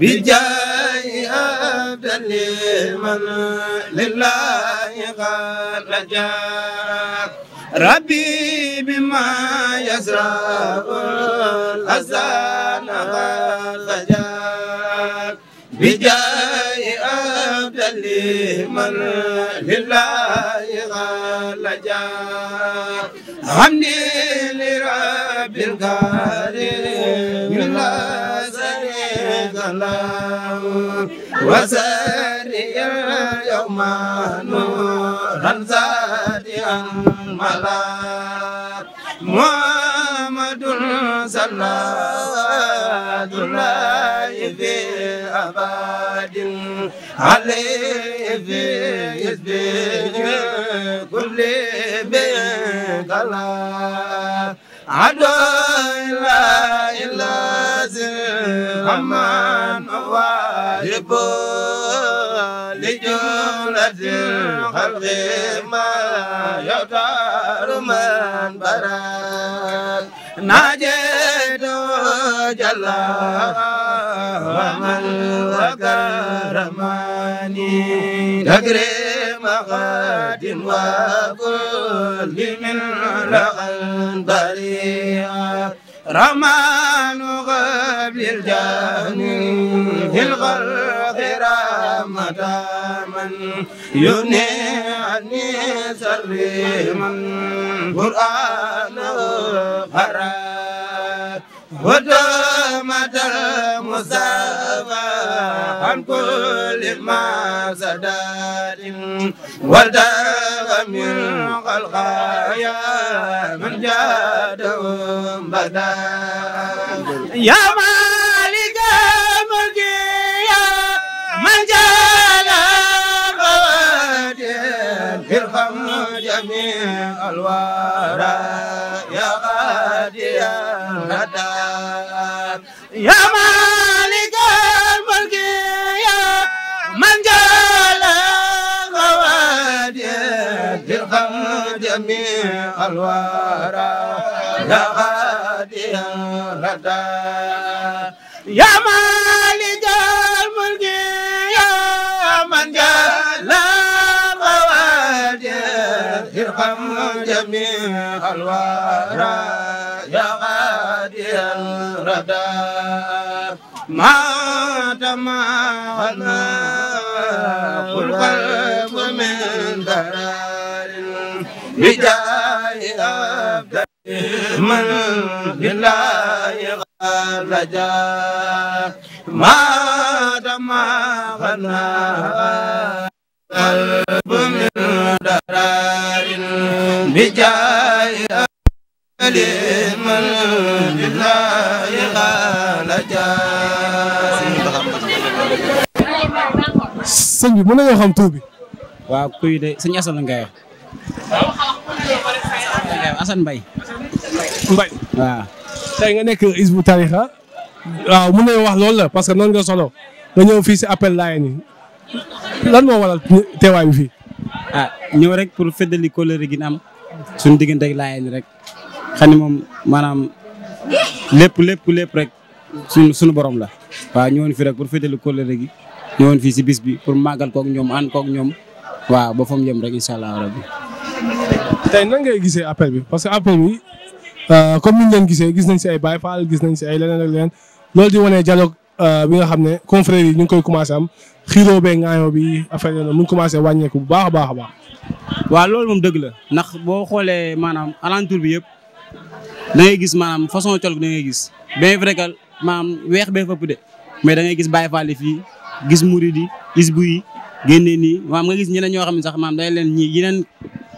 بجاي أبدل من لله قد جاء ربي بما يزرع الأزان قد جاء بجاي أبدل من لله قد جاء حمدي لرب الكريم الله سلام وزاريا يوم نورا زاديا ملا محمد صلى الله في أباد عليه في يسبي كل بيت الله عدو الله الأمان واجب لجملة الخلق ما يختار من برات ناجيت جل ومن وكرماني تكريم غد وكل من لغى البريئة رمان قبل الجان في الخلق رحمة من يغني عني سر من قرآن قرأ المصطفى عن كل ما سدات ودغ من الغاية من جادهم بدا يا مالك ملكي يا من جعل غوادر ارحم جميع الورى يا غادي الهدى الورى يا غادي الردى يا مالك الملك يا من جل الغوادر ارحم جميع الورى يا غادي هادي الردى ما تمعنا القلب من درار بجاه عبد من بالله رجاء ما تمعنا القلب من درار بجاه liman lillahi xaala sëñ bi mën nañoo xam tur bi. waaw kuy de sëñ Assane Ngaye. Assane Mbaye. Mbaye waaw. tey nga nekk bu Tarqiyyah waaw mën nañu wax loolu la parce que noonu nga solo nga ñëw fii si appel laay lan moo waral teewaay bi fii. ah ñëw rek pour feddali kóllëre gi am suñu diggante ak laay rek xam moom maanaam lépp lépp lépp rek suñu suñu borom la. waaw ñëwoon fi rek pour féetali kóllëre gi ñëwoon fii si bis bi pour màggal kook ñoom ànd kook ñoom waaw ba fa mu yem rek incha allah rabbi. tey nan ngay gisee appel bi parce que appel bi euh, comme ni ñu leen gisee gis nañ si ay Baye Fall gis nañ si ay leneen ak leneen loolu di wane dialogue euh, bi nga xam ne confrères yi ñu ngi koy commencé am xiiroo be ngaayoo bi affaire yooyu mu ngi commencé wàññeeku bu baax a baax a baax. waaw loolu moom dëgg la ndax boo xoolee maanaam alentour bi yëpp. da ngay gis maanaam façon col bi da ngay gis bien vrai que maanaam weex bee fëpp de mais da ngay gis Baye Fall fii gis murid yi gis bu yi génnee nii maanaam nga gis ñeneen ñoo xam ne sax maanaam day leen ñii yeneen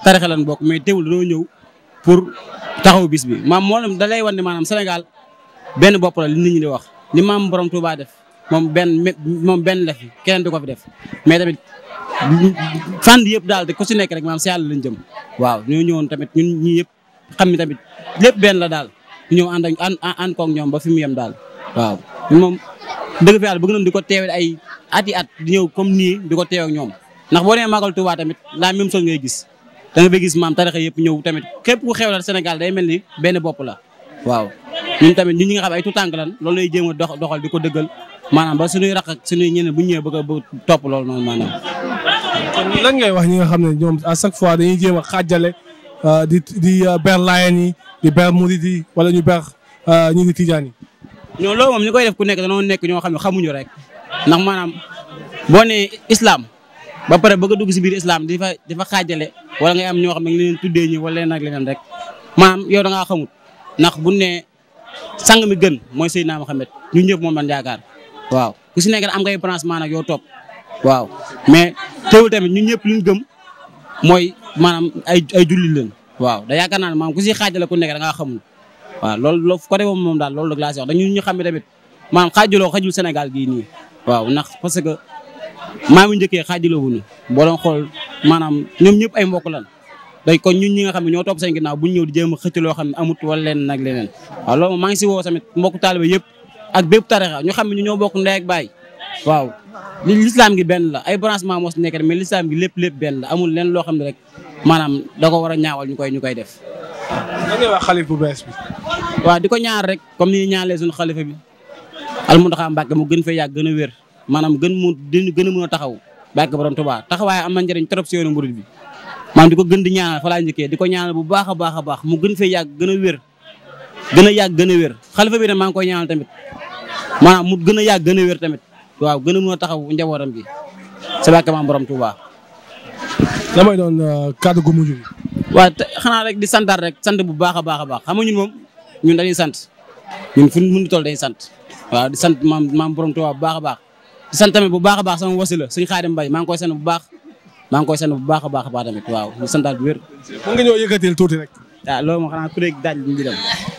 tarixa lan bokk mais teewul dañoo ñëw pour taxaw bis bi maam moo da lay wan ne maanaam Sénégal benn bopp la li nit ñi di wax li maam borom Touba def moom benn moom benn la fi keneen du ko fi def mais tamit fànn yëpp daal di ku si nekk rek maam si yàlla lañ jëm waaw ñoo ñëwoon tamit ñun ñii yëpp xam ni tamit lépp benn la daal ñu ñëw ànd ak ànd ànd koog ñoom ba fi mu yem daal waaw moom dëgg fi yàlla bëgg nañ di ko teewee ay ati at di ñëw comme nii di ko teew ak ñoom ndax boo demee Magal Touba tamit la même chose ngay gis da nga fay gis maam tarixa yëpp ñëw képp ku xewlal Sénégal day mel ni benn bopp la waaw ñun tamit ñun ñi nga xam ay tutànk lan loolu lay jéem a dox doxal di ko dëggal maanaam ba suñuy raq ak suñuy bu ñu ñëwee bëgg a bëgg topp loolu noonu maanaam. lan ngay wax ñi nga xam ne ñoom à chaque fois dañuy jéem a xaajale Euh, di di euh, ber Laayeen yi di ber Murid wala ñu ber euh, ñu di Tijaan yi. ñoo loolu moom ñu koy def ku nekk danoo nekk ñoo xam ne xamuñu rek ndax maanaam boo nee islam ba pare bëgg dugg si biir islam di fa di fa xaajale wala nga am ñoo xam ne dañ leen tuddee ñi wala leneen ak leneen rek maanaam yow da ngaa xamut ndax bu ne sang mi gën mooy Seydina Mohamed ñu ñëpp moom lañ yaakaar waaw ku si nekk am ngay branchement nag yow topp waaw mais teewul tamit ñu ñëpp luñ gëm mooy. maanaam ay ay jullit waaw da yaakaar naa ne maanaam ku si xaajale ku nekk da ngaa xamul waaw lool loolu côté boobu moom daal loolu la laa si wax dañu ñu xam ne tamit maanaam xaajaloo xajul Sénégal gii nii waaw nax parce que maa ngi njëkkee xaajaloo wuñu boo doon xool maanaam ñoom ñëpp ay mbokk lan day kon ñu ñi nga xam ne ñoo topp seen ginnaaw bu ñu ñëw di jéem a xëcc loo xam ne amut wala leen nag leneen waaw loolu maa ngi si woo tamit mbokk taalibe yëpp ak bépp tarixa ñu xam ne ñu ñoo bokk ndey ak baay waaw li lislaam gi benn la ay branchement moo si nekk mais lislaam gi lépp lépp benn la leen loo xam ne rek maanaam da ko war a ñaawal ñu koy ñu koy def. lan ngay wax xalif bees bi. waaw di ko ñaar rek comme ni ñaanlee suñu xalifa bi almuntaxa Mbàkke mu gën fee yàgg gën a wér maanaam gën mu di gën a mën a taxaw Mbàkke borom taxawaay am na njëriñ trop si yoonu bi maanaam di ko gën di ñaanal fa laa njëkkee di ko ñaanal bu baax a baax a baax mu gën fee yàgg gën a wér gën a yàgg gën a wér xalifa bi nag maa ngi koy ñaanal tamit maanaam mu gën a yàgg gën a wér tamit waaw gën a mën a taxaw njabootam bi si barke maam borom Touba. la may doon euh, kaddu gu mujj bi. waaw te xanaa rek di santaat rek sant bu baax a baax a baax xam nga ñun moom ñun dañuy sant ñun fu mu toll dañuy sant waaw di sant maa maam borom Touba bu baax a baax. di sant tamit bu baax a baax sama wasila suñu Xaadim Mbay maa ngi koy sant bu baax maa ngi koy sant bu baax a baax a baax tamit waaw ñu santaat bu wér. mën nga ñëw yëkkatil tuuti rek. waaw ah, loolu moom xanaa ku nekk daaj bi ñu dem.